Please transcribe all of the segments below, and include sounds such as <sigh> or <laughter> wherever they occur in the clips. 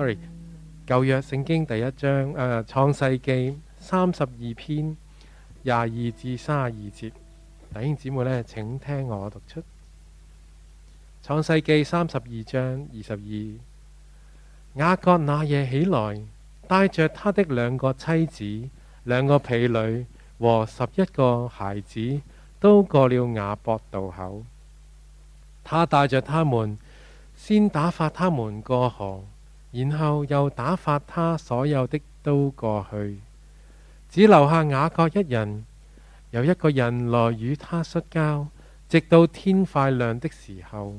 Sorry，舊約聖經第一章，誒、啊、創世記三十二篇廿二至三十二節，弟兄姊妹呢？請聽我讀出創世記三十二章二十二，雅各那夜起來，帶着他的兩個妻子、兩個婢女和十一個孩子，都過了雅博渡口。他帶着他們，先打發他們過河。然後又打發他所有的都過去，只留下雅各一人。有一個人來與他摔跤，直到天快亮的時候，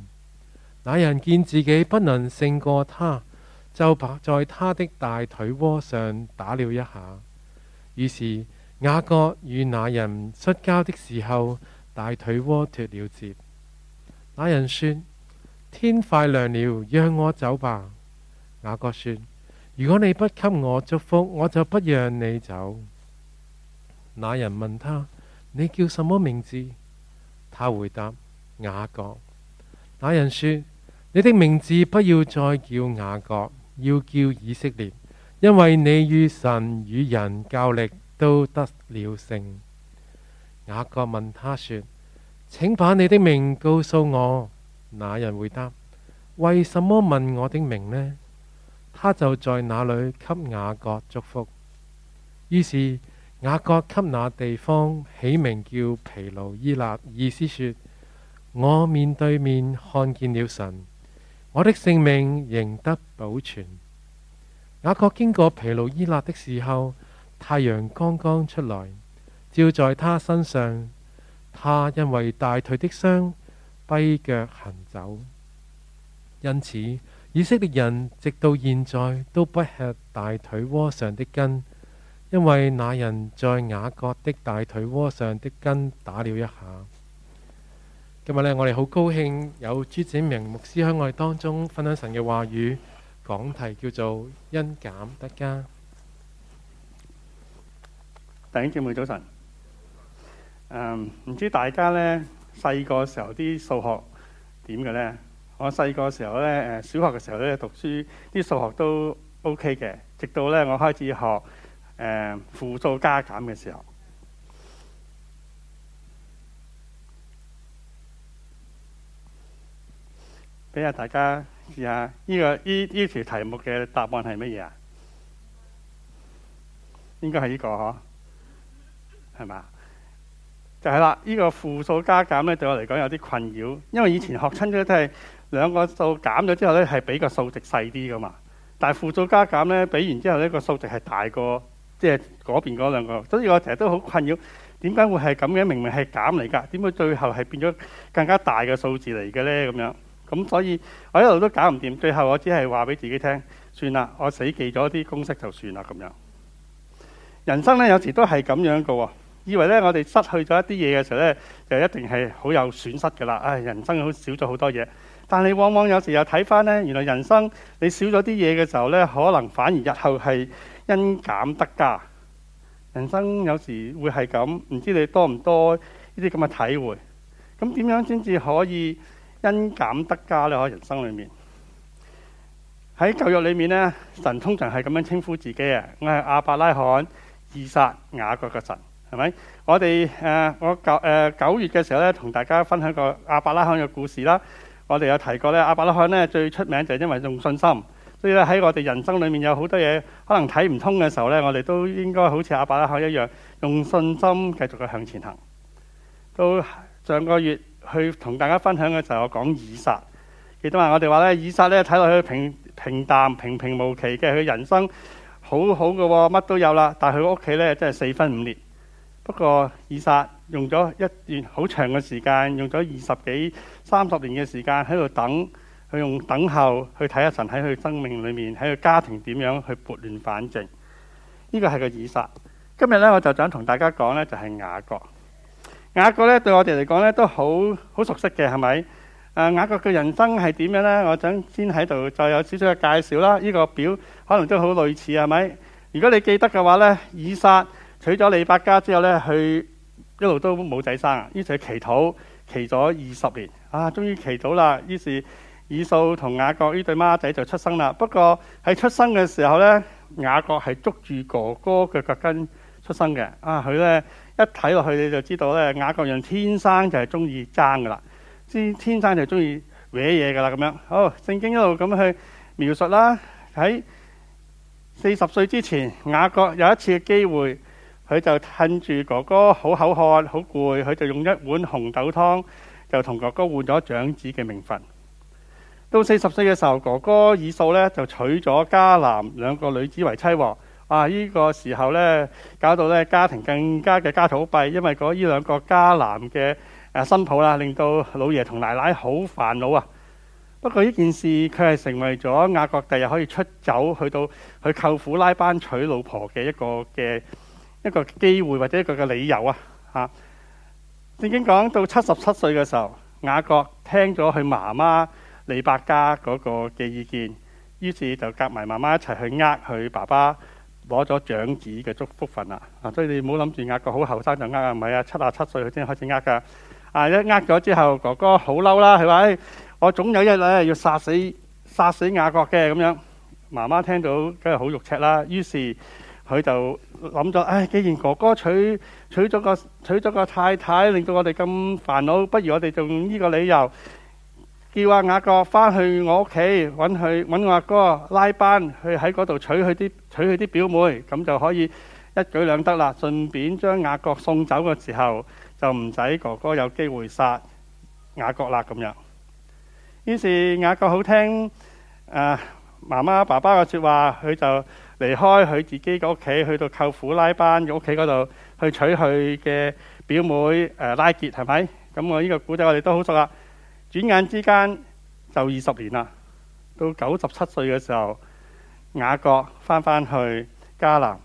那人見自己不能勝過他，就拍在他的大腿窩上打了一下。於是雅各與那人摔跤的時候，大腿窩脫了節。那人說：天快亮了，讓我走吧。雅各說：如果你不給我祝福，我就不讓你走。那人問他：你叫什麼名字？他回答：雅各。那人說：你的名字不要再叫雅各，要叫以色列，因為你與神與人較力都得了勝。雅各問他說：請把你的名告訴我。那人回答：為什麼問我的名呢？他就在那裡給雅各祝福，於是雅各給那地方起名叫皮路伊納，意思說：我面對面看見了神，我的性命仍得保存。雅各經過皮路伊納的時候，太陽剛剛出來，照在他身上。他因為大腿的傷跛腳行走，因此。以色列人直到現在都不吃大腿窩上的筋，因為那人在雅各的大腿窩上的筋打了一下。今日呢，我哋好高興有朱子明牧師喺我哋當中分享神嘅話語，講題叫做因減得加。弟兄姊妹早晨。唔、um，知大家呢細個時候啲數學點嘅咧？我細個嘅時候咧，誒，小學嘅時候咧讀書啲數學都 OK 嘅，直到咧我開始學誒負數加減嘅時候，俾下大家試下呢個呢呢條題目嘅答案係乜嘢啊？應該係呢個嗬，係嘛？就係啦，呢個負數加減咧對我嚟講有啲困擾，因為以前學親咧都係。兩個數減咗之後呢，係比個數值細啲噶嘛。但係負數加減呢，比完之後呢個數值係大過，即係嗰邊嗰兩個。所以，我成日都好困擾，點解會係咁嘅？明明係減嚟㗎，點解最後係變咗更加大嘅數字嚟嘅呢？咁樣咁，所以我一路都搞唔掂。最後我只係話俾自己聽，算啦，我死記咗啲公式就算啦。咁樣，人生呢，有時都係咁樣噶喎。以為呢，我哋失去咗一啲嘢嘅時候呢，就一定係好有損失噶啦。唉，人生好少咗好多嘢。但你往往有時又睇翻呢，原來人生你少咗啲嘢嘅時候呢，可能反而日後係因減得加。人生有時會係咁，唔知你多唔多呢啲咁嘅體會？咁點樣先至可以因減得加咧？喺人生裏面，喺舊約裏面呢，神通常係咁樣稱呼自己啊，我係亞伯拉罕以撒雅各嘅神，係咪？我哋誒、呃、我九誒九月嘅時候呢，同大家分享個亞伯拉罕嘅故事啦。我哋有提過咧，阿伯拉罕咧最出名就係因為用信心，所以咧喺我哋人生裏面有好多嘢可能睇唔通嘅時候咧，我哋都應該好似阿伯拉罕一樣用信心繼續去向前行。到上個月去同大家分享嘅就係，我講以撒。亦都話，我哋話咧，以撒咧睇落去平平淡平平無奇嘅，佢人生好好嘅，乜都有啦。但係佢屋企咧真係四分五裂。不過以撒用咗一段好長嘅時間，用咗二十幾三十年嘅時間喺度等，去用等候去睇下神喺佢生命裏面，喺佢家庭點樣去撥亂反正。呢、這個係個以撒。今日呢，我就想同大家講呢，就係、是、雅各。雅各呢，對我哋嚟講呢，都好好熟悉嘅，係咪？啊，雅各嘅人生係點樣呢？我想先喺度再有少少嘅介紹啦。呢、這個表可能都好類似，係咪？如果你記得嘅話呢，以撒娶咗利百加之後呢，去。一路都冇仔生，於是佢祈禱，祈咗二十年，啊，終於祈到啦！於是以掃同雅各呢對孖仔就出生啦。不過喺出生嘅時候呢，雅各係捉住哥哥腳腳跟出生嘅。啊，佢呢一睇落去你就知道呢，雅各人天生就係中意爭噶啦，即係天生就中意搲嘢噶啦咁樣。好，聖經一路咁去描述啦。喺四十歲之前，雅各有一次嘅機會。佢就趁住哥哥好口渴、好攰，佢就用一碗紅豆湯就同哥哥換咗長子嘅名分。到四十歲嘅時候，哥哥以掃呢就娶咗迦南，兩個女子為妻喎、哦。啊，依、這個時候呢搞到呢家庭更加嘅家徒壁，因為嗰依兩個迦南嘅誒新抱啦，令到老爺同奶奶好煩惱啊。不過呢件事佢係成為咗雅各第日可以出走去到去舅父拉班娶老婆嘅一個嘅。一個機會或者一個嘅理由啊！嚇、啊，正經講到七十七歲嘅時候，雅各聽咗佢媽媽利百加嗰個嘅意見，於是就夾埋媽媽一齊去呃佢爸爸，攞咗長子嘅祝福份啦。啊，所以你唔好諗住雅各好後生就呃，唔係啊，七啊七歲佢先開始呃㗎。啊，一呃咗之後，哥哥好嬲啦，係咪？Hey, 我總有一日要殺死殺死雅各嘅咁樣。媽媽聽到梗係好肉赤啦，於是。佢就諗咗，唉、哎，既然哥哥娶娶咗個娶咗個太太，令到我哋咁煩惱，不如我哋用呢個理由叫阿、啊、雅各返去我屋企，搵佢搵我阿哥、哥拉班去喺嗰度娶佢啲娶佢啲表妹，咁就可以一舉兩得啦。順便將雅各送走嘅時候，就唔使哥哥有機會殺雅各啦。咁樣，於是雅各好聽，誒、呃，媽媽爸爸嘅說話，佢就。離開佢自己個屋企，去到舅父拉班嘅屋企嗰度去娶佢嘅表妹誒、呃、拉結係咪？咁我呢個古仔我哋都好熟啦。轉眼之間就二十年啦，到九十七歲嘅時候，雅各翻返去迦南，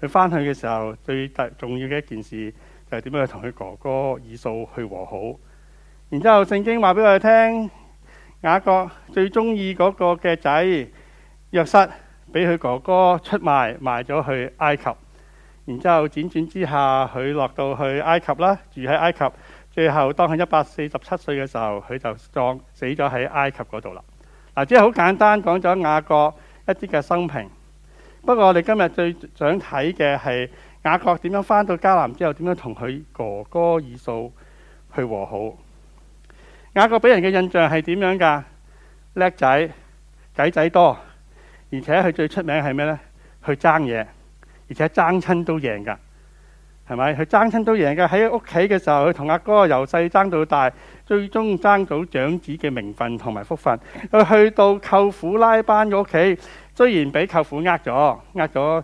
佢翻去嘅時候最第重要嘅一件事就係點樣去同佢哥哥以掃去和好。然之後聖經話俾我哋聽，雅各最中意嗰個嘅仔約瑟。俾佢哥哥出賣，賣咗去埃及，然之後輾轉轉之下，佢落到去埃及啦，住喺埃及，最後當佢一百四十七歲嘅時候，佢就葬死咗喺埃及嗰度啦。嗱，即係好簡單講咗雅各一啲嘅生平。不過我哋今日最想睇嘅係雅各點樣翻到迦南之後，點樣同佢哥哥以掃去和好。雅各俾人嘅印象係點樣噶？叻仔，計仔多。而且佢最出名係咩呢？佢爭嘢，而且爭親都贏噶，係咪？佢爭親都贏噶。喺屋企嘅時候，佢同阿哥由細爭到大，最終爭到長子嘅名分同埋福分。佢去到舅父拉班嘅屋企，雖然俾舅父呃咗，呃咗，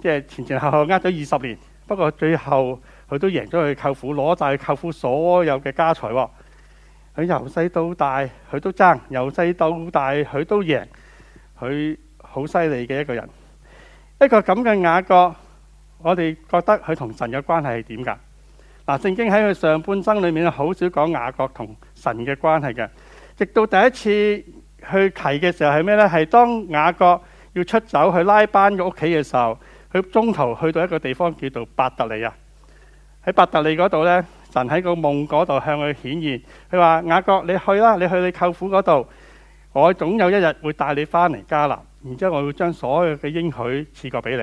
即係前前後後呃咗二十年，不過最後佢都贏咗，佢舅父攞晒，舅父所有嘅家財。佢由細到大，佢都爭；由細到大，佢都贏。佢好犀利嘅一個人，一個咁嘅雅各，我哋覺得佢同神嘅關係係點噶？嗱，聖經喺佢上半生裏面好少講雅各同神嘅關係嘅，直到第一次去提嘅時候係咩呢？係當雅各要出走去拉班嘅屋企嘅時候，佢中途去到一個地方叫做伯特利啊。喺伯特利嗰度呢，神喺個夢嗰度向佢顯現，佢話雅各，你去啦，你去你舅父嗰度。我總有一日會帶你返嚟迦南，然之後我會將所有嘅應許賜過俾你。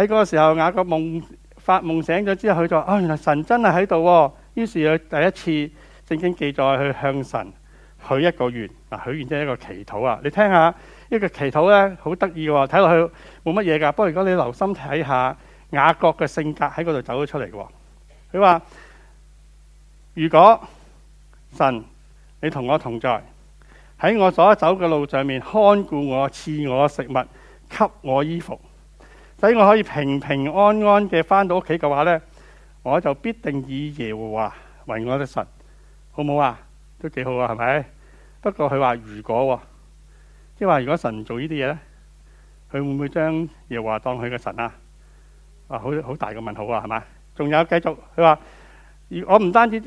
喺嗰個時候，雅各夢發夢醒咗之後，佢就啊、哦，原來神真係喺度。於是佢第一次聖經記載去向神許一個願嗱，許完之後一個祈禱啊，你聽下，呢個祈禱咧，好得意喎。睇落去冇乜嘢噶，不過如果你留心睇下雅各嘅性格喺嗰度走咗出嚟嘅，佢話如果神你同我同在。喺我所走嘅路上面，看顧我，賜我食物，給我衣服，使我可以平平安安嘅翻到屋企嘅話呢，我就必定以耶和華為我嘅神，好唔好啊？都幾好啊，係咪？不過佢話如果，即係話如果神做呢啲嘢呢，佢會唔會將耶和華當佢嘅神啊？啊，好好大嘅問號啊，係咪？仲有繼續，佢話我唔單止。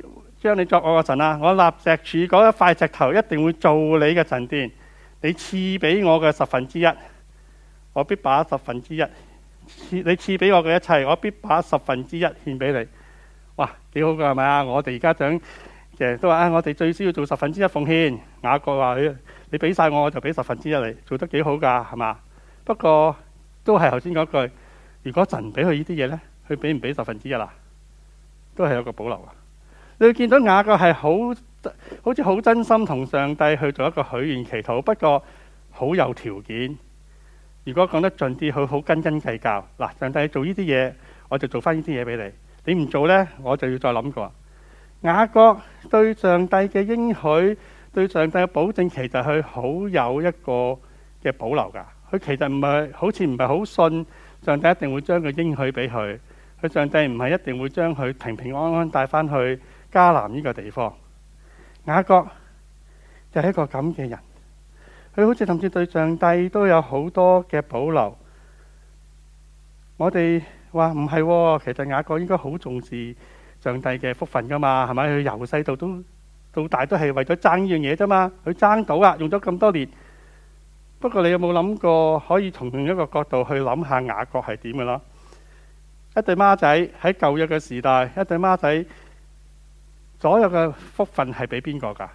將你作我個神啊！我立石柱嗰一塊石頭一定會做你嘅神殿。你賜俾我嘅十分之一，我必把十分之一；賜你賜俾我嘅一切，我必把十分之一獻俾你。哇，幾好噶，係咪啊？我哋而家想，成日都話啊，我哋最少要做十分之一奉獻。雅各話：「你你俾晒我，我就俾十分之一你。」做得幾好噶，係嘛？不過都係頭先嗰句：「如果神俾佢呢啲嘢呢，佢俾唔俾十分之一啦？都係有個保留啊。你會見到雅各係好，好似好真心同上帝去做一個許願祈禱，不過好有條件。如果講得盡啲，佢好斤斤計較。嗱，上帝做呢啲嘢，我就做翻呢啲嘢俾你。你唔做呢，我就要再諗過。雅各對上帝嘅應許，對上帝嘅保證，其實佢好有一個嘅保留噶。佢其實唔係好似唔係好信上帝一定會將佢應許俾佢。佢上帝唔係一定會將佢平平安安帶返去。迦南呢個地方，雅各就係一個咁嘅人。佢好似甚至對上帝都有好多嘅保留。我哋話唔係，其實雅各應該好重視上帝嘅福分噶嘛？係咪？佢由細到到大都係為咗爭呢樣嘢啫嘛。佢爭到啊，用咗咁多年。不過你有冇諗過，可以從另一個角度去諗下雅各係點嘅囉？一對孖仔喺舊約嘅時代，一對孖仔。所有嘅福分係俾邊個噶？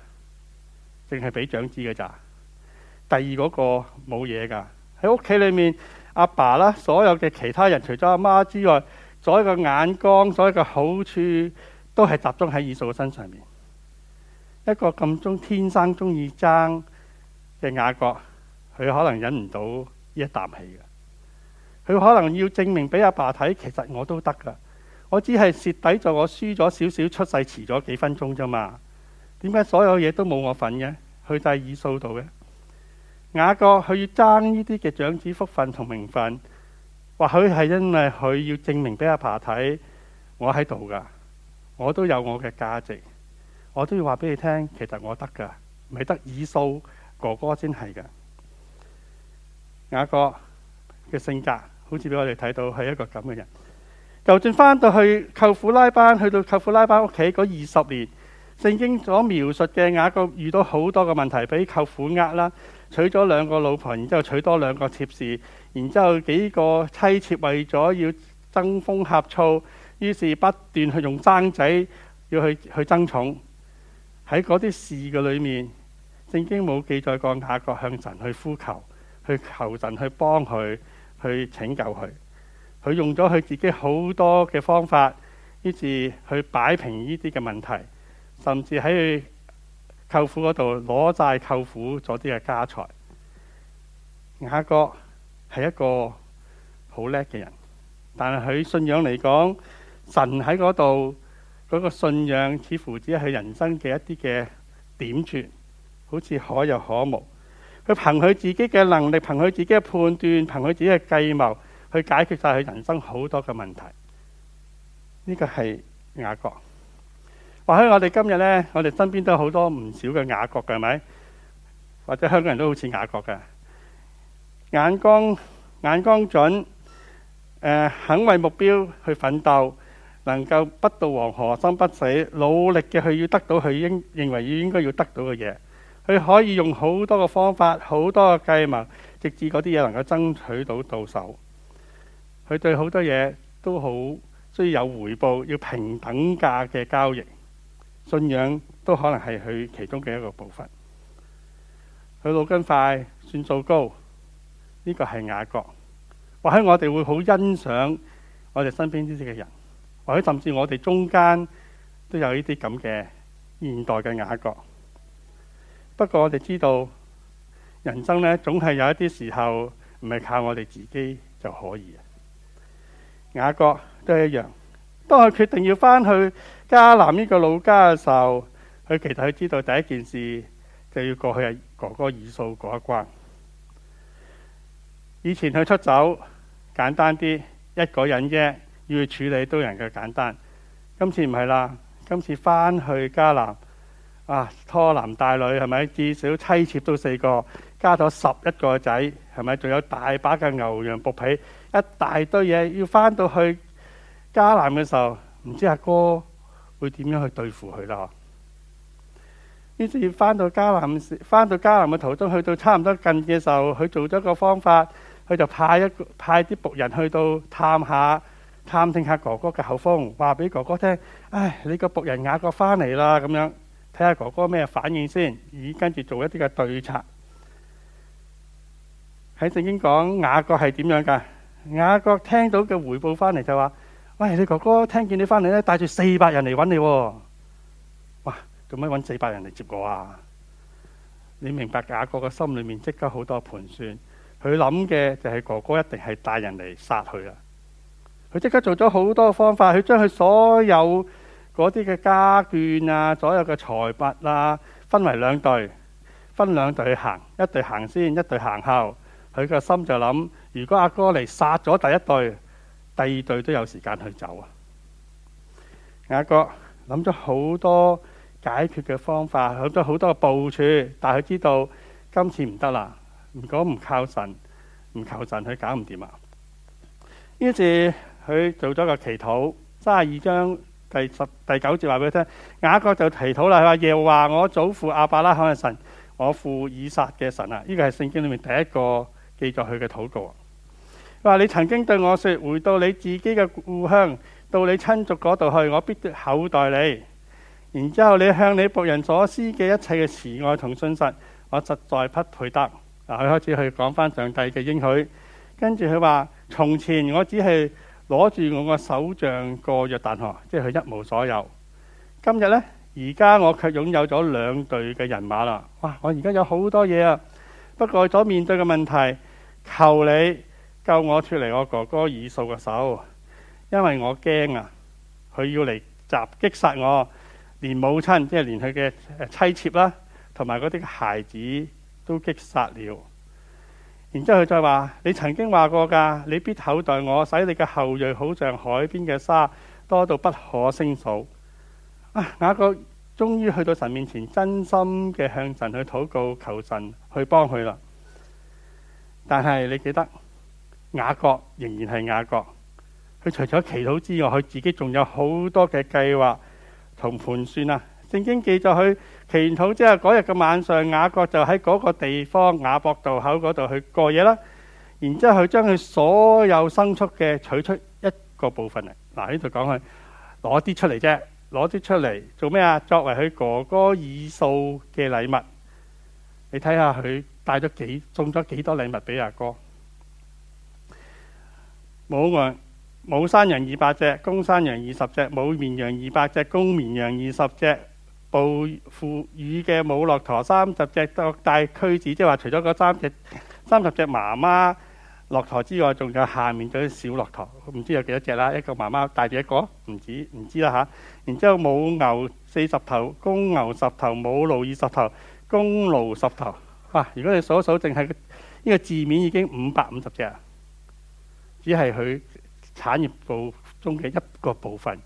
淨係俾長子嘅咋？第二嗰個冇嘢噶。喺屋企裏面阿爸啦，所有嘅其他人除咗阿媽之外，所有嘅眼光，所有嘅好處都係集中喺二嫂嘅身上面。一個咁中天生中意爭嘅雅各，佢可能忍唔到呢一啖氣嘅，佢可能要證明俾阿爸睇，其實我都得噶。我只係蝕底咗，我輸咗少少，出世遲咗幾分鐘咋嘛。點解所有嘢都冇我份嘅？去晒以掃度嘅雅各，佢要爭呢啲嘅長子福分同名分，或許係因為佢要證明俾阿爸睇，我喺度噶，我都有我嘅價值，我都要話俾你聽，其實我得噶，唔係得以掃哥哥先係噶。雅各嘅性格，好似俾我哋睇到係一個咁嘅人。由住返到去舅父拉班，去到舅父拉班屋企嗰二十年，聖經所描述嘅雅各遇到好多嘅問題，俾舅父壓啦，娶咗兩個老婆，然之後娶多兩個妾侍，然之後幾個妻妾為咗要爭風呷醋，於是不斷去用生仔要去去爭寵。喺嗰啲事嘅裏面，聖經冇記載過雅各向神去呼求，去求神去幫佢去拯救佢。佢用咗佢自己好多嘅方法，於是去擺平呢啲嘅問題，甚至喺佢舅父嗰度攞曬舅父咗啲嘅家財。雅各係一個好叻嘅人，但係佢信仰嚟講，神喺嗰度嗰個信仰似乎只係佢人生嘅一啲嘅點綴，好似可有可無，佢憑佢自己嘅能力，憑佢自己嘅判斷，憑佢自己嘅計謀。去解決曬佢人生好多嘅問題。呢個係雅各，或許我哋今日咧，我哋身邊都有好多唔少嘅雅各嘅，係咪？或者香港人都好似雅各嘅眼光，眼光準。誒，肯為目標去奮鬥，能夠不到黃河心不死，努力嘅去要得到佢應認為要應該要得到嘅嘢。佢可以用好多嘅方法，好多嘅計謀，直至嗰啲嘢能夠爭取到到手。佢對好多嘢都好，需要有回報，要平等價嘅交易，信仰都可能係佢其中嘅一個部分。佢腦筋快，算數高，呢個係雅各。或許我哋會好欣賞我哋身邊呢啲嘅人，或許甚至我哋中間都有呢啲咁嘅現代嘅雅各。不過我哋知道，人生呢總係有一啲時候唔係靠我哋自己就可以。雅各都係一樣，當佢決定要翻去迦南呢個老家嘅時候，佢其實佢知道第一件事就要過去阿哥哥以掃嗰一關。以前佢出走簡單啲，一個人啫，要去處理都人嘅簡單。今次唔係啦，今次翻去迦南啊，拖男帶女係咪？至少妻妾都四個，加咗十一個仔，係咪？仲有大把嘅牛羊僕婢。一大堆嘢要翻到去迦南嘅時候，唔知阿哥會點樣去對付佢啦？呢次翻到迦南翻到迦南嘅途中，去到差唔多近嘅時候，佢做咗個方法，佢就派一派啲僕人去到探下探聽下哥哥嘅口風，話俾哥哥聽：唉，你個僕人雅各翻嚟啦，咁樣睇下哥哥咩反應先，咦，跟住做一啲嘅對策。喺聖經講雅各係點樣噶？雅各聽到嘅回報翻嚟，就話：喂，你哥哥聽見你翻嚟咧，帶住四百人嚟揾你喎。哇，做咩揾四百人嚟接我啊！你明白雅各嘅心裏面即刻好多盤算，佢諗嘅就係哥哥一定係帶人嚟殺佢啦。佢即刻做咗好多方法，佢將佢所有嗰啲嘅家眷啊，所有嘅財物啊，分為兩隊，分兩隊去行，一隊行先，一隊行後。佢個心就諗。如果阿哥嚟殺咗第一隊，第二隊都有時間去走啊！雅各諗咗好多解決嘅方法，諗咗好多嘅部署，但係佢知道今次唔得啦。如果唔靠神，唔靠神，佢搞唔掂啊！於是佢做咗個祈禱，三十二章第十第九節話俾佢聽。雅各就祈禱啦，話 <noise> 耶和華我祖父亞伯拉罕嘅神，我父以撒嘅神啊！呢、這個係聖經裡面第一個記載佢嘅禱告。話你曾經對我説：回到你自己嘅故鄉，到你親族嗰度去，我必厚待你。然之後，你向你僕人所施嘅一切嘅慈愛同信實，我實在不配得嗱。佢開始去講翻上帝嘅應許，跟住佢話：從前我只係攞住我個手杖過約旦河，啊，即係佢一無所有。今日呢，而家我卻擁有咗兩隊嘅人馬啦。哇！我而家有好多嘢啊，不過所面對嘅問題，求你。救我脱離我哥哥以掃嘅手，因為我驚啊，佢要嚟襲擊殺我，連母親即係連佢嘅妻妾啦，同埋嗰啲孩子都擊殺了。然之後佢再話：你曾經話過噶，你必厚待我，使你嘅後裔好像海邊嘅沙，多到不可勝數。啊，雅各終於去到神面前，真心嘅向神去禱告，求神去幫佢啦。但係你記得。雅各仍然係雅各，佢除咗祈禱之外，佢自己仲有好多嘅計劃同盤算啊！聖經記載佢祈禱之後嗰日嘅晚上，雅各就喺嗰個地方雅博渡口嗰度去過夜啦。然之後佢將佢所有牲畜嘅取出一個部分嚟，嗱，呢度講佢攞啲出嚟啫，攞啲出嚟做咩啊？作為佢哥哥以掃嘅禮物，你睇下佢帶咗幾送咗幾多禮物俾阿哥。母羊，母山羊二百隻，公山羊二十隻；母綿羊二百隻，公綿羊二十隻。哺乳嘅母駱駝三十隻，各帶駒子，即係話除咗嗰三隻三十隻媽媽駱駝之外，仲有下面嗰啲小駱駝，唔知有幾多隻啦？一個媽媽帶住一個，唔知，唔知啦吓、啊。然之後母牛四十頭，公牛十頭，母驢二十頭，公驢十頭。哇！如果你數一數，淨係呢個字面已經五百五十隻。只係佢產業部中嘅一個部分。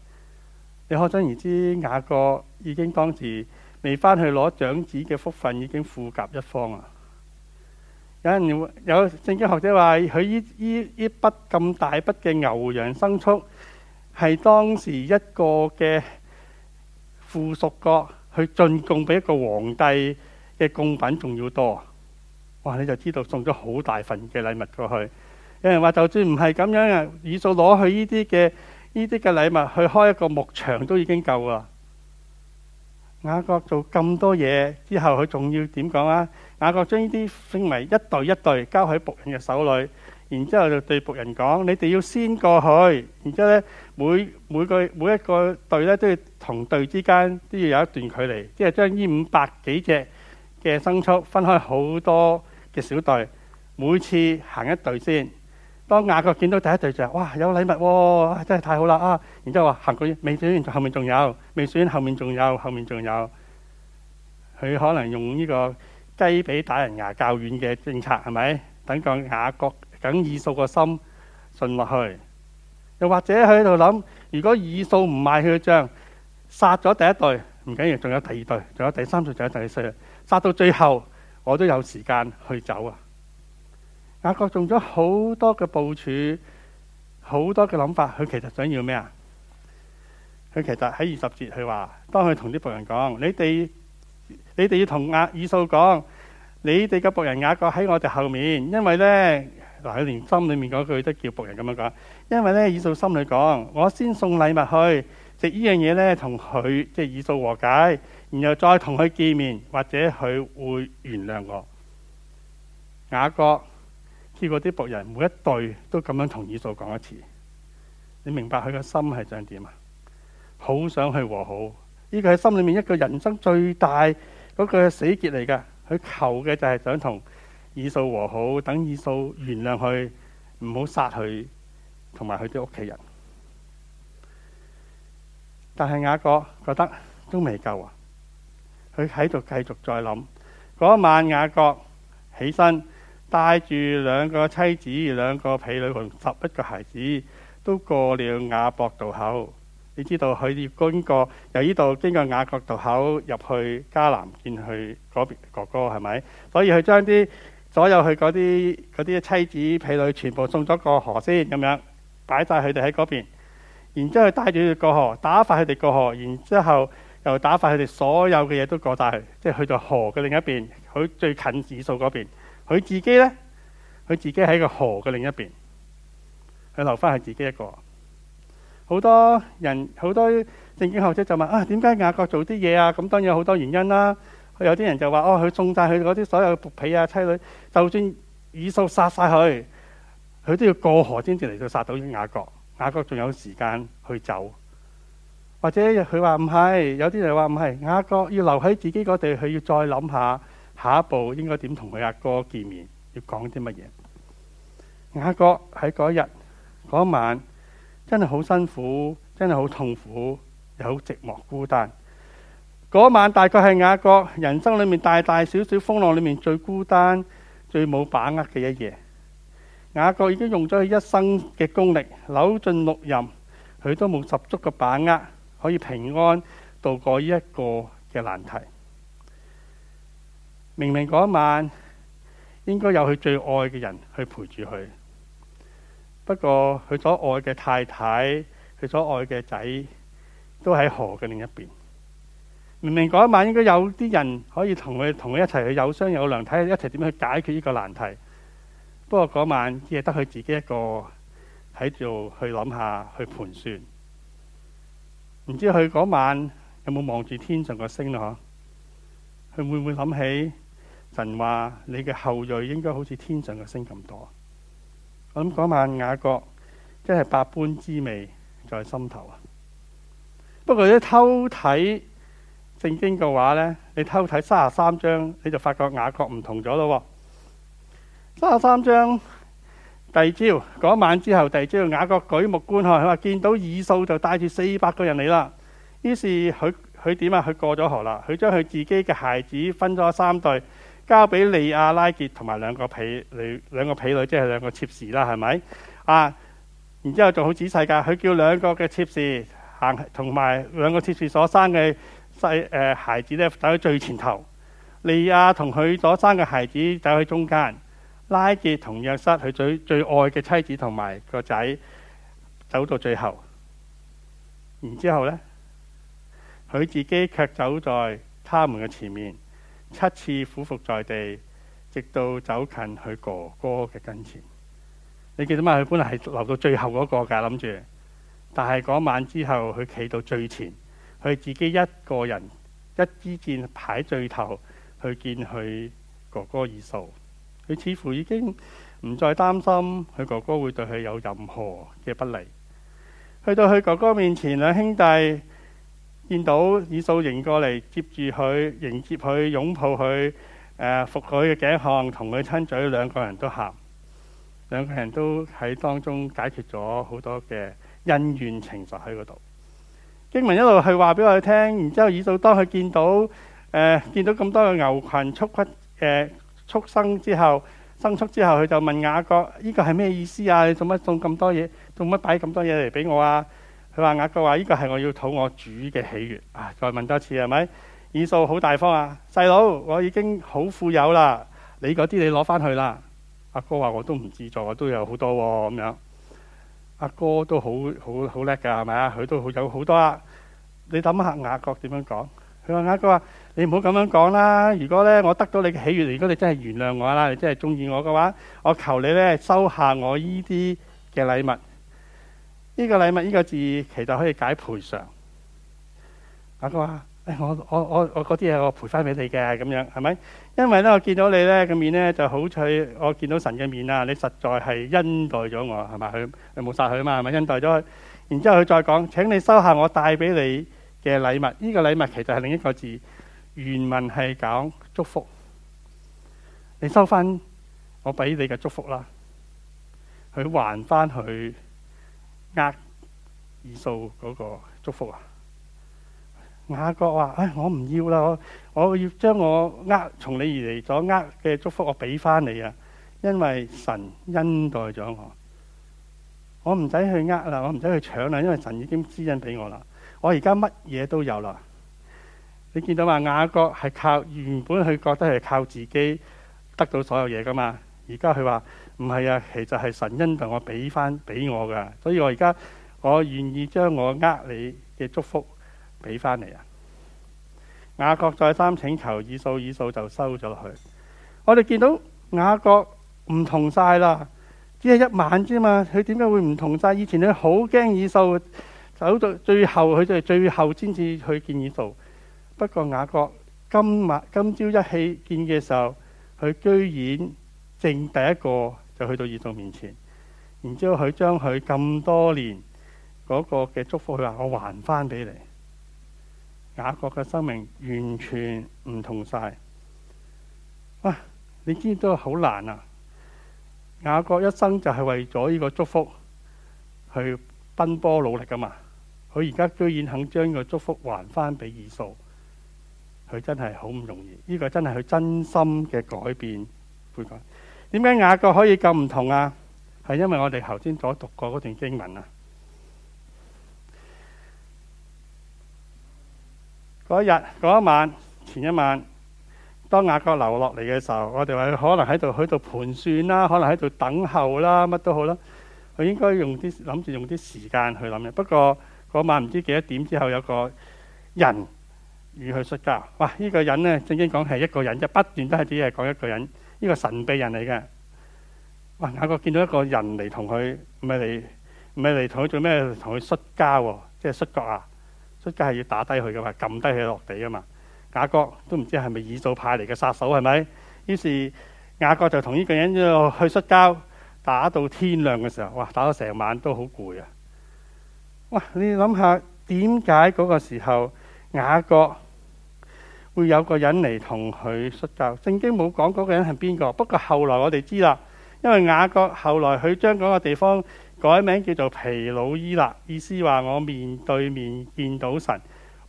你可想而知，雅各已經當時未翻去攞長子嘅福分，已經富甲一方啦。有人有聖經學者話：佢呢呢呢筆咁大筆嘅牛羊牲畜，係當時一個嘅附屬國去進貢俾一個皇帝嘅貢品，仲要多。哇！你就知道送咗好大份嘅禮物過去。有人話，就算唔係咁樣啊，以數攞去呢啲嘅呢啲嘅禮物去開一個牧場都已經夠啦。雅各做咁多嘢之後，佢仲要點講啊？雅各將呢啲分為一隊一隊，交喺僕人嘅手裏，然之後就對僕人講：你哋要先過去，然之後咧每每個每一個隊咧都要同隊之間都要有一段距離，即係將呢五百幾隻嘅牲畜分開好多嘅小隊，每次行一隊先。當雅各見到第一對就話：哇，有禮物喎，哦，真係太好啦！啊，然之後話行過未選完，後面仲有未選，後面仲有，有，後面仲有。佢可能用呢個雞髀打人牙較遠嘅政策，係咪？等個雅各梗以掃個心信落去，又或者佢喺度諗：如果以掃唔賣佢張，殺咗第一對，唔緊要，仲有第二對，仲有第三對，仲有第四對，對，殺到最後，我都有時間去走啊！雅各中咗好多嘅部署，好多嘅諗法。佢其實想要咩啊？佢其實喺二十節，佢話當佢同啲僕人講：你哋你哋要同阿以數講，你哋嘅僕人雅各喺我哋後面，因為呢，嗱，佢連心裏面嗰句都叫僕人咁樣講。因為呢，以數心裏講，我先送禮物去，食呢樣嘢呢，同佢即係以數和解，然後再同佢見面，或者佢會原諒我。雅各。如果啲僕人每一對都咁樣同以掃講一次，你明白佢個心係想點啊？好想去和好，呢個係心裏面一個人生最大嗰個死結嚟㗎。佢求嘅就係想同以掃和好，等以掃原諒佢，唔好殺佢，同埋佢啲屋企人。但係雅各覺得都未夠啊，佢喺度繼續再諗。嗰、那個、晚雅各起身。帶住兩個妻子、兩個婢女同十一個孩子，都過了雅博渡口。你知道佢哋經過由呢度經過雅博渡口入去迦南見佢嗰邊哥哥係咪？所以佢將啲所有佢嗰啲啲妻子婢女全部送咗過河先咁樣擺晒佢哋喺嗰邊，然之後帶住佢過河打發佢哋過河，然之後又打發佢哋所有嘅嘢都過晒去，即係去到河嘅另一邊，佢最近指數嗰邊。佢自己呢，佢自己喺個河嘅另一邊，佢留翻係自己一個。好多人好多正經學者就問啊：點解雅各做啲嘢啊？咁當然有好多原因啦、啊。有啲人就話：哦，佢送晒佢嗰啲所有僕婢啊、妻女，就算以掃殺晒佢，佢都要過河先至嚟到殺到啲雅各。雅各仲有時間去走，或者佢話唔係，有啲人話唔係，雅各要留喺自己嗰地，佢要再諗下。下一步應該點同佢阿哥見面？要講啲乜嘢？雅各喺嗰日嗰晚真係好辛苦，真係好痛苦，又好寂寞孤單。嗰晚大概係雅各人生裏面大大小小風浪裏面最孤單、最冇把握嘅一夜。雅各已經用咗佢一生嘅功力扭盡六壬，佢都冇十足嘅把握可以平安渡過呢一個嘅難題。明明嗰晚應該有佢最愛嘅人去陪住佢，不過佢所愛嘅太太，佢所愛嘅仔都喺河嘅另一邊。明明嗰晚應該有啲人可以同佢同佢一齊去有商有量，睇一齊點樣去解決呢個難題。不過嗰晚只係得佢自己一個喺度去諗下去盤算，唔知佢嗰晚有冇望住天上個星咧？佢、啊、會唔會諗起？神話你嘅後裔應該好似天上嘅星咁多。我諗嗰晚雅各真係百般滋味在心頭啊。不過，如果偷睇聖經嘅話呢，你偷睇三十三章，你就發覺雅各唔同咗咯。三十三章第二朝嗰晚之後，第二朝雅各舉目觀看，佢話見到以掃就帶住四百個人嚟啦。於是佢佢點啊？佢過咗河啦。佢將佢自己嘅孩子分咗三對。交俾利亞、拉傑同埋兩個婢女兩個婢女，即係兩個妾侍啦，係咪？啊，然之後仲好仔細噶，佢叫兩個嘅妾侍行同埋兩個妾侍所生嘅細誒孩子咧，走喺最前頭。利亞同佢所生嘅孩子走喺中間，拉傑同樣失去最最愛嘅妻子同埋個仔，走到最後。然之後呢，佢自己卻走在他們嘅前面。七次俯伏在地，直到走近佢哥哥嘅跟前。你記得嘛？佢本來係留到最後嗰個噶諗住。但係嗰晚之後，佢企到最前，佢自己一個人一支箭排最頭去見佢哥哥二嫂，佢似乎已經唔再擔心佢哥哥會對佢有任何嘅不利。去到佢哥哥面前，兩兄弟。見到以掃迎過嚟接住佢，迎接佢，擁抱佢，誒、呃，伏佢嘅頸項，同佢親嘴，兩個人都喊，兩個人都喺當中解決咗好多嘅恩怨情仇喺嗰度。經文一路去話俾我哋聽，然之後以掃當佢見到誒、呃、見到咁多嘅牛群畜骨誒、呃、畜生之後生畜之後，佢就問雅各：依、這個係咩意思啊？你做乜送咁多嘢？做乜擺咁多嘢嚟俾我啊？佢話：阿哥話，呢個係我要討我主嘅喜悅。啊，再問多次係咪？二數好大方啊！細佬，我已經好富有啦，你嗰啲你攞翻去啦。阿哥話：我都唔自助，我都有好多喎。咁樣，阿哥都好好好叻㗎，係咪啊？佢都好有好多啊！你諗下，阿哥點樣講？佢話：阿哥話，你唔好咁樣講啦。如果呢我得到你嘅喜悅，如果你真係原諒我啦，你真係中意我嘅話，我求你呢收下我依啲嘅禮物。呢個禮物呢個字，其實可以解賠償。阿哥啊，誒、哎，我我我我嗰啲嘢我賠翻俾你嘅，咁樣係咪？因為咧，我見到你咧個面咧就好似，我見到神嘅面啊，你實在係恩待咗我，係咪？佢冇殺佢嘛，係咪恩待咗佢？然之後佢再講，請你收下我帶俾你嘅禮物。呢個禮物其實係另一個字，原文係講祝福。你收翻我俾你嘅祝福啦。佢還翻佢。呃，以掃嗰個祝福啊，雅各話：唉，我唔要啦，我我要將我呃從你而嚟，所呃嘅祝福，我俾翻你啊！因為神恩待咗我，我唔使去呃啦，我唔使去搶啦，因為神已經施恩俾我啦，我而家乜嘢都有啦。你見到嘛，雅各係靠原本佢覺得係靠自己得到所有嘢噶嘛，而家佢話。唔係啊，其實係神恩同我俾翻俾我噶，所以我而家我願意將我呃你嘅祝福俾翻你啊！雅各再三請求以掃，以掃就收咗落去。我哋見到雅各唔同晒啦，只係一晚啫嘛，佢點解會唔同晒？以前佢好驚以掃，走到最後，佢就係最後先至去見以掃。不過雅各今晚今朝一起見嘅時候，佢居然剩第一個。就去到以掃面前，然之後佢將佢咁多年嗰個嘅祝福，佢話我還翻俾你。雅各嘅生命完全唔同晒，你知都好難啊。雅各一生就係為咗呢個祝福去奔波努力噶嘛。佢而家居然肯將呢個祝福還翻俾以掃，佢真係好唔容易。呢、這個真係佢真心嘅改變，悔改。點解雅各可以咁唔同啊？係因為我哋頭先所讀過嗰段經文啊。嗰日嗰一晚前一晚，當雅各流落嚟嘅時候，我哋話佢可能喺度喺度盤算啦，可能喺度等候啦，乜都好啦。佢應該用啲諗住用啲時間去諗嘅。不過嗰、那個、晚唔知幾多點之後，有個人與佢摔角。哇！呢、這個人呢，正經講係一個人就不斷都係只係講一個人。不斷呢個神秘人嚟嘅，哇！雅各見到一個人嚟同佢，唔係嚟，唔係嚟同佢做咩？同佢摔跤喎，即係摔角啊！摔跤係要打低佢㗎嘛，撳低佢落地啊嘛。雅各都唔知係咪以掃派嚟嘅殺手係咪？於是，是，於是雅各就同呢個人去摔跤，打到天亮嘅時候，哇！打到成晚都好攰啊！哇！你諗下點解嗰個時候雅各？會有個人嚟同佢摔跤。聖經冇講嗰個人係邊個，不過後來我哋知啦，因為雅各後來佢將嗰個地方改名叫做皮勞伊納，意思話我面對面見到神，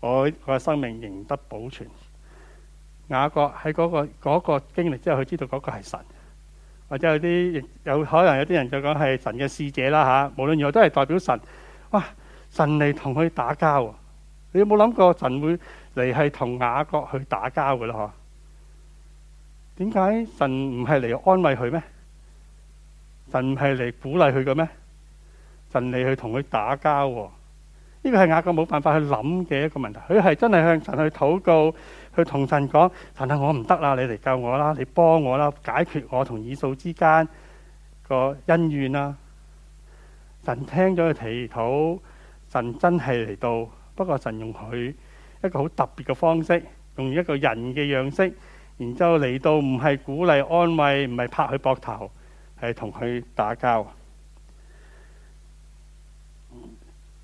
我個生命仍得保存。雅各喺嗰個嗰個經歷之後，佢知道嗰個係神，或者有啲有可能有啲人就講係神嘅使者啦吓、啊，無論如何都係代表神。哇，神嚟同佢打交、啊，你有冇諗過神會？嚟係同雅各去打交噶咯嗬？點解神唔係嚟安慰佢咩？神唔係嚟鼓勵佢嘅咩？神嚟去同佢打交？呢個係雅各冇辦法去諗嘅一個問題。佢係真係向神去禱告，去同神講：神啊，我唔得啦，你嚟救我啦，你幫我啦，解決我同以掃之間個恩怨啦。神聽咗佢祈禱，神真係嚟到。不過神用佢。一個好特別嘅方式，用一個人嘅樣式，然之後嚟到唔係鼓勵安慰，唔係拍佢膊頭，係同佢打交。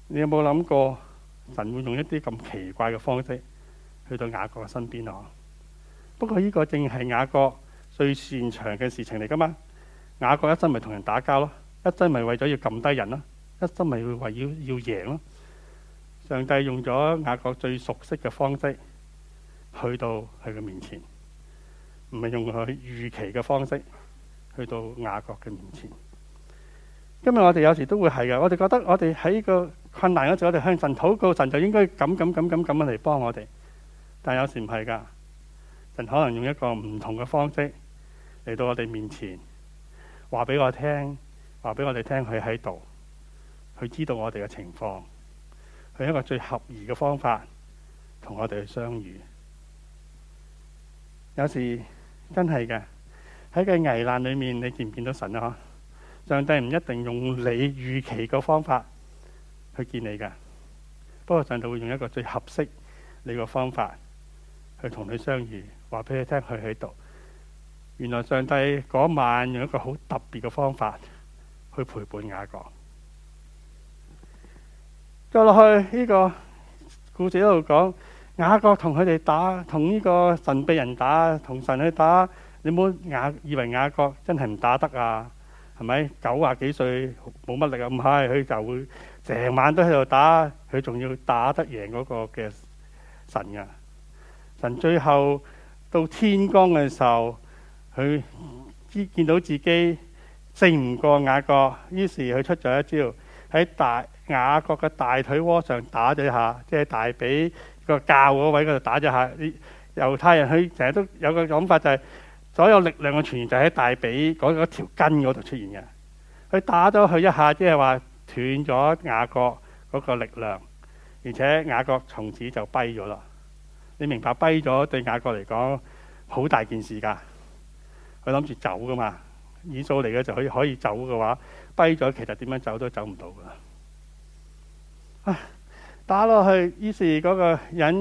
你有冇諗過神會用一啲咁奇怪嘅方式去到雅各嘅身邊啊？不過呢個正係雅各最擅長嘅事情嚟噶嘛？雅各一生咪同人打交咯，一生咪為咗要撳低人咯，一生咪為咗要要贏咯。上帝用咗雅各最熟悉嘅方式去到佢嘅面前，唔係用佢預期嘅方式去到雅各嘅面前。今日我哋有時都會係嘅，我哋覺得我哋喺個困難嗰陣，我哋向神禱告，神就應該咁咁咁咁咁樣嚟幫我哋。但有時唔係噶，神可能用一個唔同嘅方式嚟到我哋面前，話俾我聽，話俾我哋聽，佢喺度，佢知道我哋嘅情況。用一個最合宜嘅方法，同我哋去相遇。有時真係嘅，喺個危難裏面，你見唔見到神啊？上帝唔一定用你預期嘅方法去見你嘅，不過上帝會用一個最合適的你嘅方法去同你相遇，話俾你聽，佢喺度。原來上帝嗰晚用一個好特別嘅方法去陪伴雅各。再落去呢個故事一路講，雅各同佢哋打，同呢個神祕人打，同神去打。你唔好以為雅各真係唔打得啊？係咪九十幾歲冇乜力啊？唔係，佢就會成晚都喺度打，佢仲要打得贏嗰個嘅神㗎。神最後到天光嘅時候，佢見到自己勝唔過雅各，於是佢出咗一招喺大雅各嘅大腿窩上打咗一下，即係大髀個臼嗰位嗰度打咗一下。猶太人佢成日都有個諗法，就是，就係所有力量嘅傳言就喺大髀嗰條筋嗰度出現嘅。佢打咗佢一下，即係話斷咗雅各嗰個力量，而且雅各從此就跛咗啦。你明白，跛咗對雅各嚟講好大件事㗎。佢諗住走㗎嘛，以數嚟嘅就可以可以走嘅話，跛咗其實點樣走都走唔到㗎。打落去，於是嗰個人、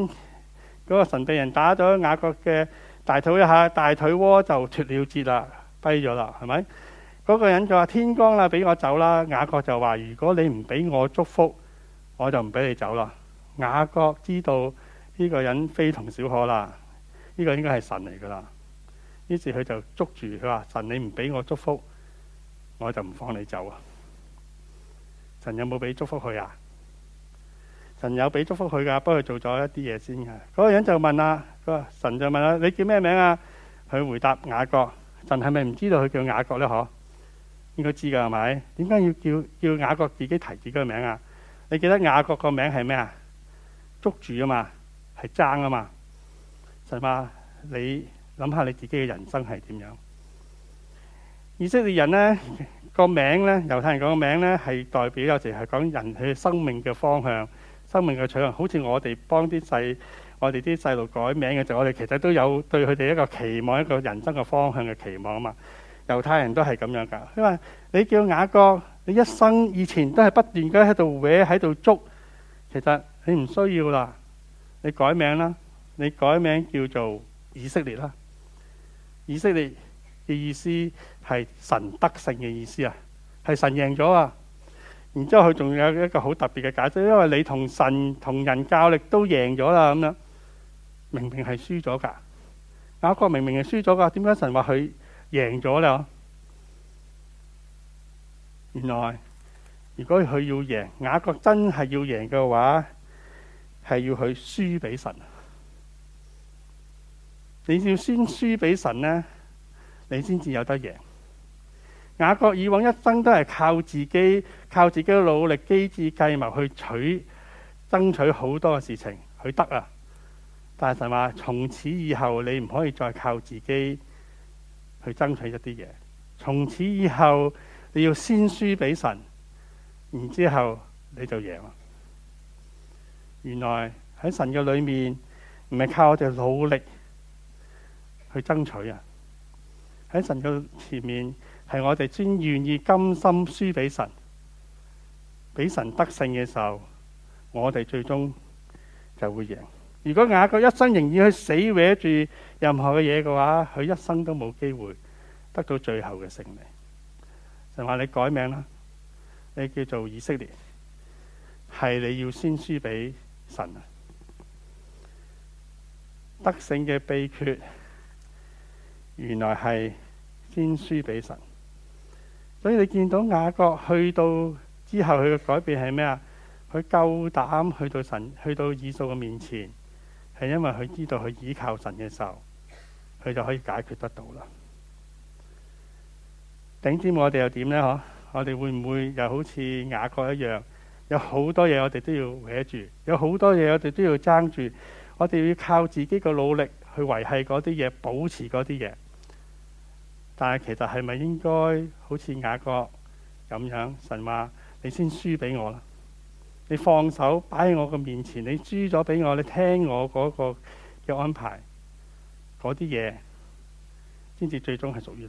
嗰個神被人打咗雅各嘅大腿一下，大腿窩就脫了節啦，跛咗啦，係咪？嗰、嗰個人就話天光啦，俾我走啦。雅各就話：如果你唔俾我祝福，我就唔俾你走啦。雅各知道呢個人非同小可啦，呢、呢個應該係神嚟噶啦。於是佢就捉住佢話：神，你唔俾我祝福，我就唔放你走啊！神有冇俾祝福佢啊？神有俾祝福佢噶，幫佢做咗一啲嘢先嘅。嗰個人就問啊，佢話神就問啊，你叫咩名啊？佢回答雅各。神係咪唔知道佢叫雅各咧？嗬，應該知噶，係咪？點解要叫叫雅各自己提自己個名啊？你記得雅各個名係咩啊？捉住啊嘛，係爭啊嘛。神話，你諗下你自己嘅人生係點樣？以色列人咧個名咧，猶太人講個名咧係代表，有時係講人佢生命嘅方向。生命嘅取向，好似我哋幫啲細，我哋啲細路改名嘅就，我哋其實都有對佢哋一個期望，一個人生嘅方向嘅期望啊嘛。猶太人都係咁樣㗎，因為你叫雅各，你一生以前都係不斷咁喺度搲喺度捉，其實你唔需要啦，你改名啦，你改名叫做以色列啦。以色列嘅意思係神得勝嘅意思啊，係神贏咗啊！然之後佢仲有一個好特別嘅解釋，因為你同神同人教力都贏咗啦。咁樣明明係輸咗噶，雅各明明係輸咗噶，點解神話佢贏咗咧？原來如果佢要贏，雅各真係要贏嘅話，係要佢輸俾神。你要先輸俾神呢，你先至有得贏。雅各以往一生都係靠自己、靠自己嘅努力、機智計謀去取、爭取好多嘅事情去得啊！大神話：從此以後你唔可以再靠自己去爭取一啲嘢。從此以後你要先輸俾神，然之後你就贏啦。原來喺神嘅裏面唔係靠我哋努力去爭取啊！喺神嘅前面。係我哋先願意甘心輸俾神，俾神得勝嘅時候，我哋最終就會贏。如果雅各一生仍然去死搲住任何嘅嘢嘅話，佢一生都冇機會得到最後嘅勝利。就話你改名啦，你叫做以色列，係你要先輸俾神啊！得勝嘅秘訣，原來係先輸俾神。所以你見到雅各去到之後，佢嘅改變係咩啊？佢夠膽去到神、去到以掃嘅面前，係因為佢知道佢倚靠神嘅時候，佢就可以解決得到啦。頂尖我哋又點呢？嗬，我哋會唔會又好似雅各一樣？有好多嘢我哋都要搲住，有好多嘢我哋都要爭住，我哋要靠自己嘅努力去維繫嗰啲嘢，保持嗰啲嘢。但係，其實係咪應該好似雅各咁樣？神話你先輸俾我啦，你放手擺喺我嘅面前，你輸咗俾我，你聽我嗰個嘅安排，嗰啲嘢先至最終係屬於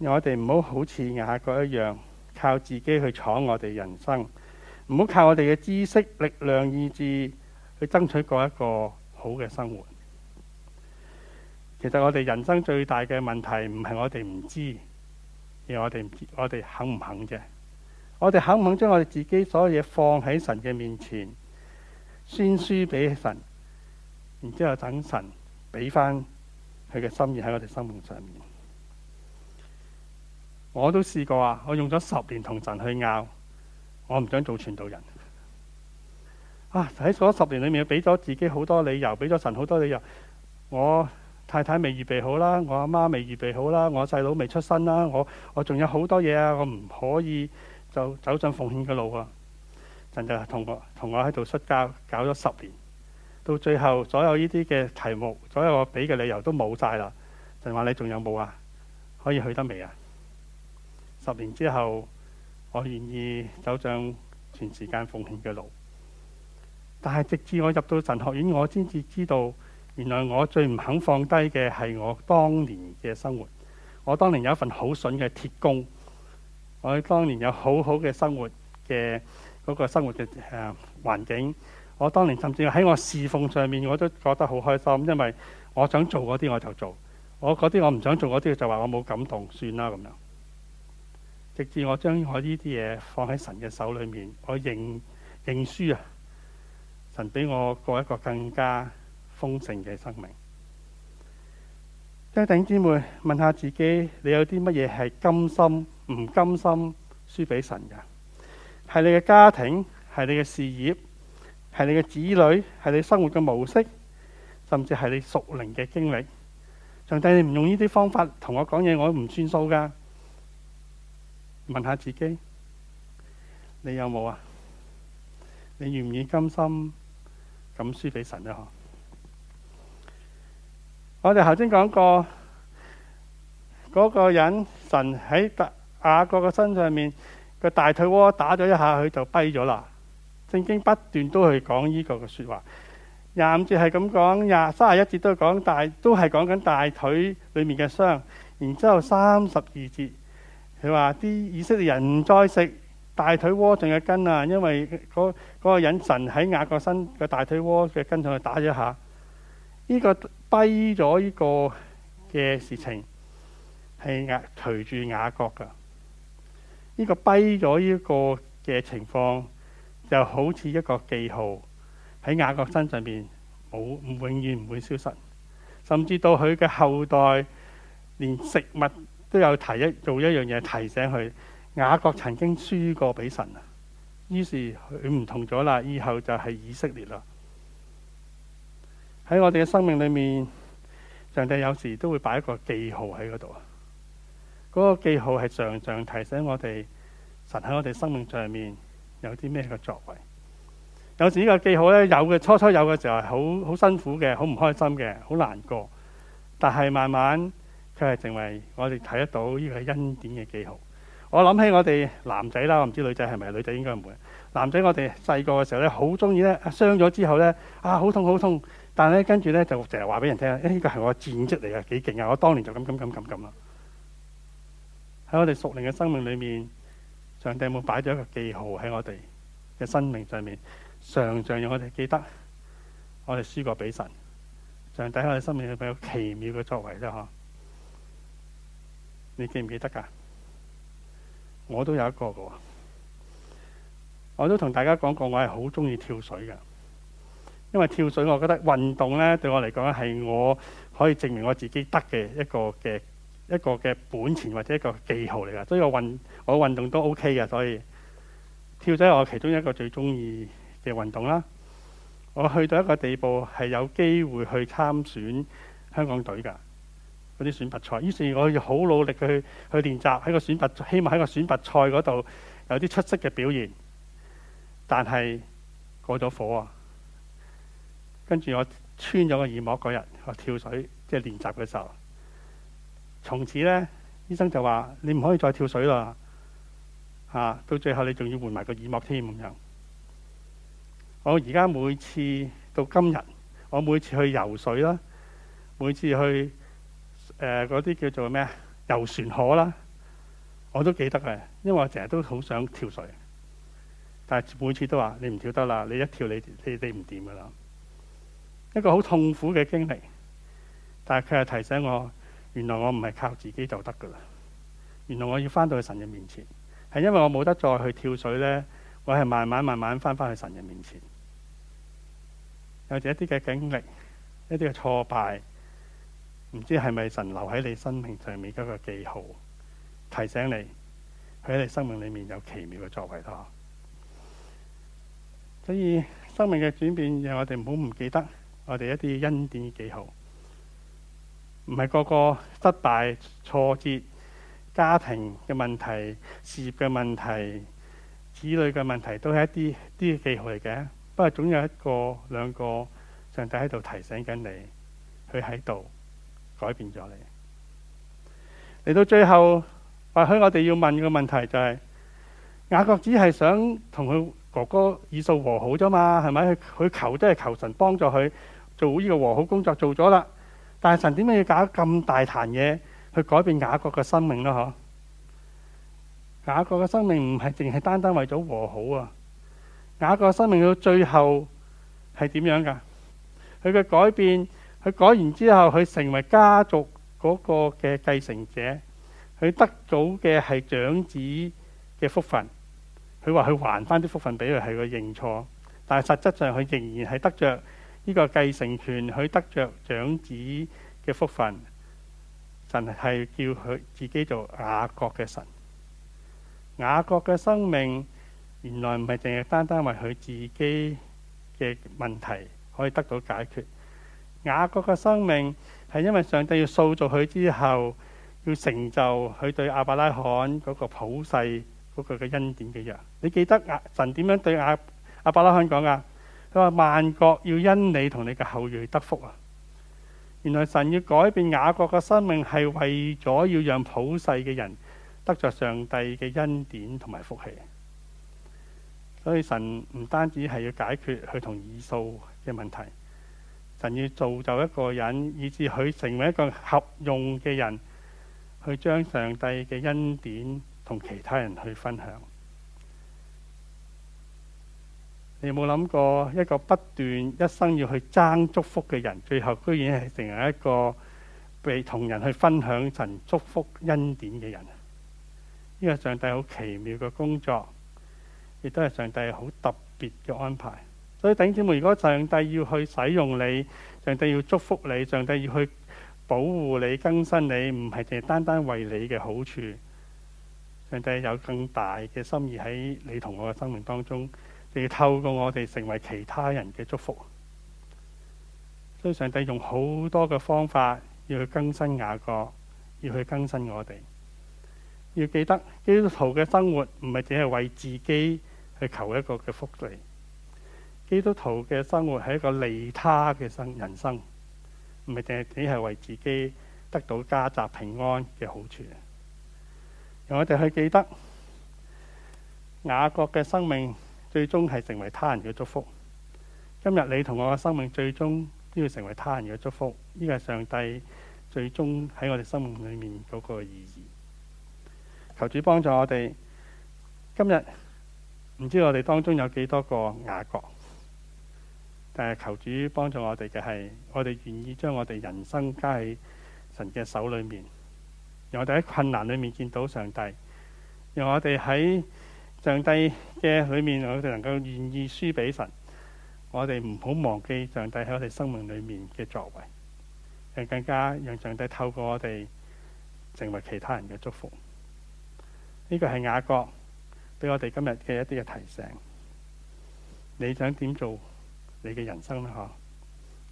你嘅。我哋唔好好似雅各一樣，靠自己去闖我哋人生，唔好靠我哋嘅知識、力量、意志去爭取過一個好嘅生活。其實我哋人生最大嘅問題，唔係我哋唔知，而係我哋唔知我哋肯唔肯啫。我哋肯唔肯將我哋自己所有嘢放喺神嘅面前，宣書俾神，然之後等神俾翻佢嘅心意喺我哋生命上面。我都試過啊，我用咗十年同神去拗，我唔想做傳道人。啊！喺嗰十年裏面，俾咗自己好多理由，俾咗神好多理由，我。太太未預備好啦，我阿媽未預備好啦，我細佬未出生啦，我我仲有好多嘢啊，我唔可以就走進奉獻嘅路啊！神就同我同我喺度摔跤，搞咗十年，到最後所有呢啲嘅題目，所有我俾嘅理由都冇晒啦。神話你仲有冇啊？可以去得未啊？十年之後，我願意走上全時間奉獻嘅路，但係直至我入到神學院，我先至知道。原來我最唔肯放低嘅係我當年嘅生活。我當年有一份好筍嘅鐵工，我當年有好好嘅生活嘅嗰、那個生活嘅、誒、呃、環境。我當年甚至喺我侍奉上面，我都覺得好開心，因為我想做嗰啲我就做，我嗰啲我唔想做嗰啲就話我冇感動，算啦咁樣。直至我將我呢啲嘢放喺神嘅手裏面，我認認輸啊！神俾我過一個更加。豐盛嘅生命，一頂姊妹問下自己：你有啲乜嘢係甘心唔甘心輸俾神嘅？係你嘅家庭，係你嘅事業，係你嘅子女，係你生活嘅模式，甚至係你屬靈嘅經歷。上帝，你唔用呢啲方法同我講嘢，我都唔算數噶。問下自己，你有冇啊？你願唔願甘心咁輸俾神呢？嗬？我哋頭先講過嗰、那個人神喺雅各嘅身上面個大腿窩打咗一下，佢就跛咗啦。聖經不斷都去講呢個嘅說話，廿五節係咁講，三十一節都講大，都係講緊大腿裏面嘅傷。然之後三十二節佢話啲以色列人唔再食大腿窩仲嘅筋啦、啊，因為嗰嗰、那個人神喺雅各身個大腿窩嘅筋上去打咗一下，呢、這個。跛咗呢個嘅事情係雅隨住雅各噶呢、呢個跛咗呢個嘅情況就好似一個記號喺雅各身上面冇永遠唔會消失，甚至到佢嘅後代連食物都有提一做一樣嘢提醒佢，雅各曾經輸過俾神啊，於是佢唔同咗啦，以後就係以色列啦。喺我哋嘅生命裏面，上帝有時都會擺一個記號喺嗰度啊。嗰個記號係常常提醒我哋，神喺我哋生命上面有啲咩嘅作為。有時呢個記號咧，有嘅初初有嘅時候係好好辛苦嘅，好唔開心嘅，好難過。但係慢慢佢係成為我哋睇得到呢個恩典嘅記號。我諗起我哋男仔啦，我唔知女仔係咪女仔應該唔會男仔。我哋細個嘅時候咧，好中意咧傷咗之後咧啊，好痛好痛。但係咧，跟住咧就成日話俾人聽，呢個係我戰績嚟嘅，幾勁啊！我當年就咁咁咁咁咁啦。喺我哋屬靈嘅生命裏面，上帝有冇擺咗一個記號喺我哋嘅生命上面，常常讓我哋記得我哋輸過俾神。上帝喺我哋生命裏邊有，有奇妙嘅作為啫呵。你記唔記得噶？我都有一個嘅，我都同大家講過，我係好中意跳水嘅。因為跳水，我覺得運動呢，對我嚟講係我可以證明我自己得嘅一個嘅一個嘅本錢或者一個記號嚟㗎。所以我運我運動都 OK 嘅，所以跳水我其中一個最鍾意嘅運動啦。我去到一個地步係有機會去參選香港隊㗎嗰啲選拔賽，於是我要好努力去去練習喺個選拔，希望喺個選拔賽嗰度有啲出色嘅表現。但係過咗火啊！跟住我穿咗個耳膜嗰日，我跳水即係練習嘅時候，從此呢，醫生就話：你唔可以再跳水啦！嚇、啊，到最後你仲要換埋個耳膜添咁樣。我而家每次到今日，我每次去游水啦，每次去誒嗰啲叫做咩游船河啦，我都記得嘅，因為我成日都好想跳水。但係每次都話：你唔跳得啦，你一跳你你你唔掂噶啦。一個好痛苦嘅經歷，但係佢係提醒我，原來我唔係靠自己就得㗎喇，原來我要返到去神嘅面前，係因為我冇得再去跳水呢。我係慢慢慢慢返返去神嘅面前。有啲一啲嘅經歷，一啲嘅挫敗，唔知係咪神留喺你生命上面一個記號，提醒你佢喺你生命裏面有奇妙嘅作為。佢，所以生命嘅轉變，讓我哋唔好唔記得。我哋一啲恩典嘅記號，唔係個個失敗、挫折、家庭嘅問題、事業嘅問題、子女嘅問題都，都係一啲啲記號嚟嘅。不過總有一個、兩個，上帝喺度提醒緊你，佢喺度改變咗你。嚟到最後，或許我哋要問嘅問題就係、是：雅各只係想同佢哥哥以掃和好啫嘛？係咪？佢求真係求神幫助佢。做呢個和好工作做咗啦，但係神點解要搞咁大壇嘢去改變雅各嘅生命咧？嗬，雅各嘅生命唔係淨係單單為咗和好啊！雅各嘅生命到最後係點樣噶佢嘅改變，佢改完之後，佢成為家族嗰個嘅繼承者，佢得到嘅係長子嘅福分。佢話佢還翻啲福分俾佢係佢認錯，但係實質上佢仍然係得著。呢個繼承權，佢得着長子嘅福分。神係叫佢自己做雅各嘅神。雅各嘅生命原來唔係淨係單單為佢自己嘅問題可以得到解決。雅各嘅生命係因為上帝要塑造佢之後，要成就佢對亞伯拉罕嗰個普世嗰個嘅恩典嘅約。你記得啊，神點樣對亞亞伯拉罕講噶？我話萬國要因你同你嘅後裔得福啊！原來神要改變雅各嘅生命，係為咗要讓普世嘅人得着上帝嘅恩典同埋福氣。所以神唔單止係要解決佢同以掃嘅問題，神要造就一個人，以至佢成為一個合用嘅人，去將上帝嘅恩典同其他人去分享。你有冇諗過一個不斷一生要去爭祝福嘅人，最後居然係成為一個被同人去分享神祝福恩典嘅人？呢個上帝好奇妙嘅工作，亦都係上帝好特別嘅安排。所以，弟兄姊妹，如果上帝要去使用你，上帝要祝福你，上帝要去保護你、更新你，唔係淨係單單為你嘅好處，上帝有更大嘅心意喺你同我嘅生命當中。要透過我哋成為其他人嘅祝福，所以上帝用好多嘅方法要去更新雅各，要去更新我哋。要記得基督徒嘅生活唔係淨係為自己去求一個嘅福利，基督徒嘅生活係一個利他嘅生人生，唔係淨係只係為自己得到家宅平安嘅好處。讓我哋去記得雅各嘅生命。最終係成為他人嘅祝福。今日你同我嘅生命最終都要成為他人嘅祝福，呢個係上帝最終喺我哋生命裏面嗰個意義。求主幫助我哋，今日唔知我哋當中有幾多個雅各，但係求主幫助我哋嘅係，我哋願意將我哋人生加喺神嘅手裏面，讓我哋喺困難裏面見到上帝，讓我哋喺。上帝嘅裏面，我哋能夠願意輸俾神，我哋唔好忘記上帝喺我哋生命裏面嘅作為，係更加讓上帝透過我哋成為其他人嘅祝福。呢個係雅各俾我哋今日嘅一啲嘅提醒。你想點做你嘅人生咧？嗬，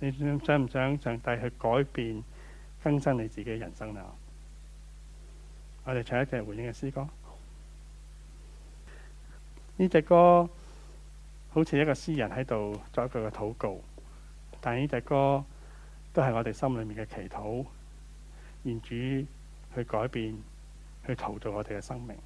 你想唔想上帝去改變、更新你自己嘅人生咧？我哋唱一隻回應嘅詩歌。呢隻歌好似一個詩人喺度作一句嘅禱告，但呢隻歌都係我哋心裏面嘅祈禱，願主去改變，去陶造我哋嘅生命。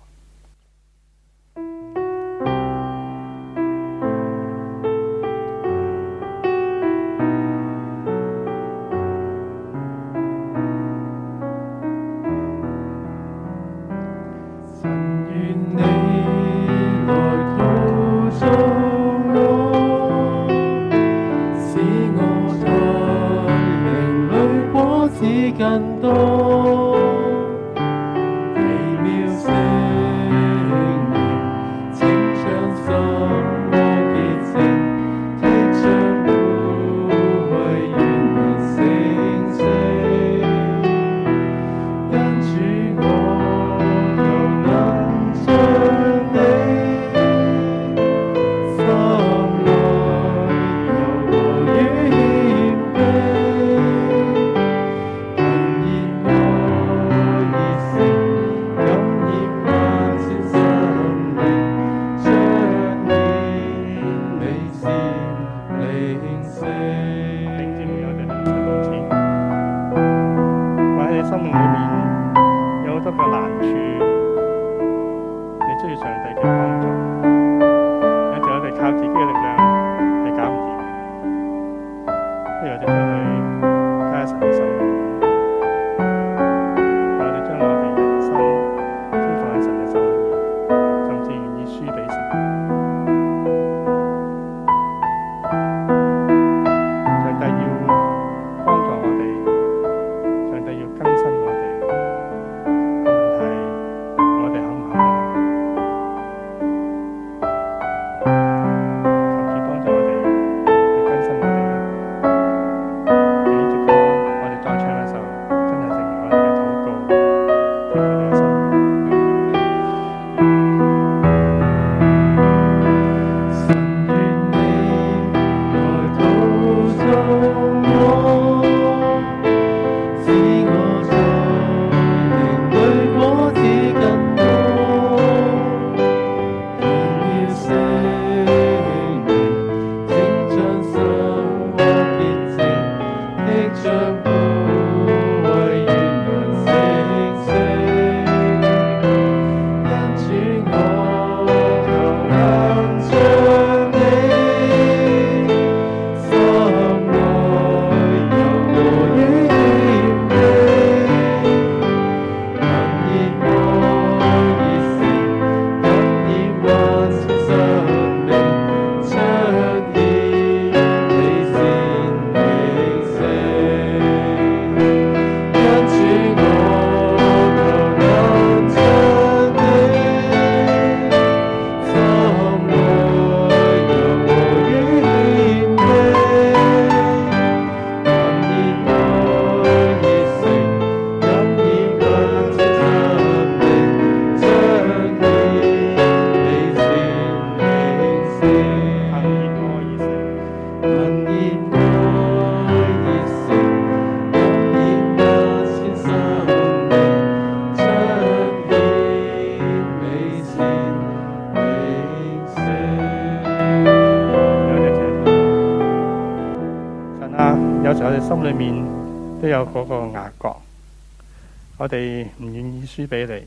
我哋唔願意輸俾你，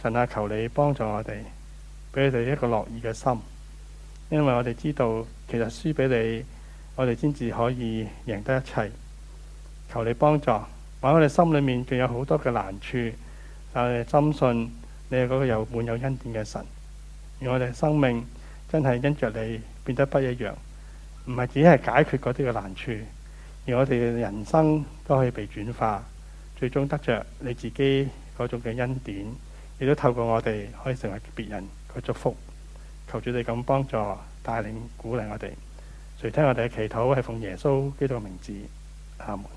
神啊，求你幫助我哋，俾你哋一個樂意嘅心，因為我哋知道，其實輸俾你，我哋先至可以贏得一切。求你幫助，我哋心裏面仲有好多嘅難處，但係深信你係嗰個又滿有恩典嘅神，而我哋生命真係因着你變得不一樣，唔係只係解決嗰啲嘅難處，而我哋嘅人生都可以被轉化。最終得着你自己嗰種嘅恩典，亦都透過我哋可以成為別人嘅祝福。求主你咁幫助、帶領、鼓勵我哋。垂聽我哋嘅祈禱係奉耶穌基督嘅名字。阿門。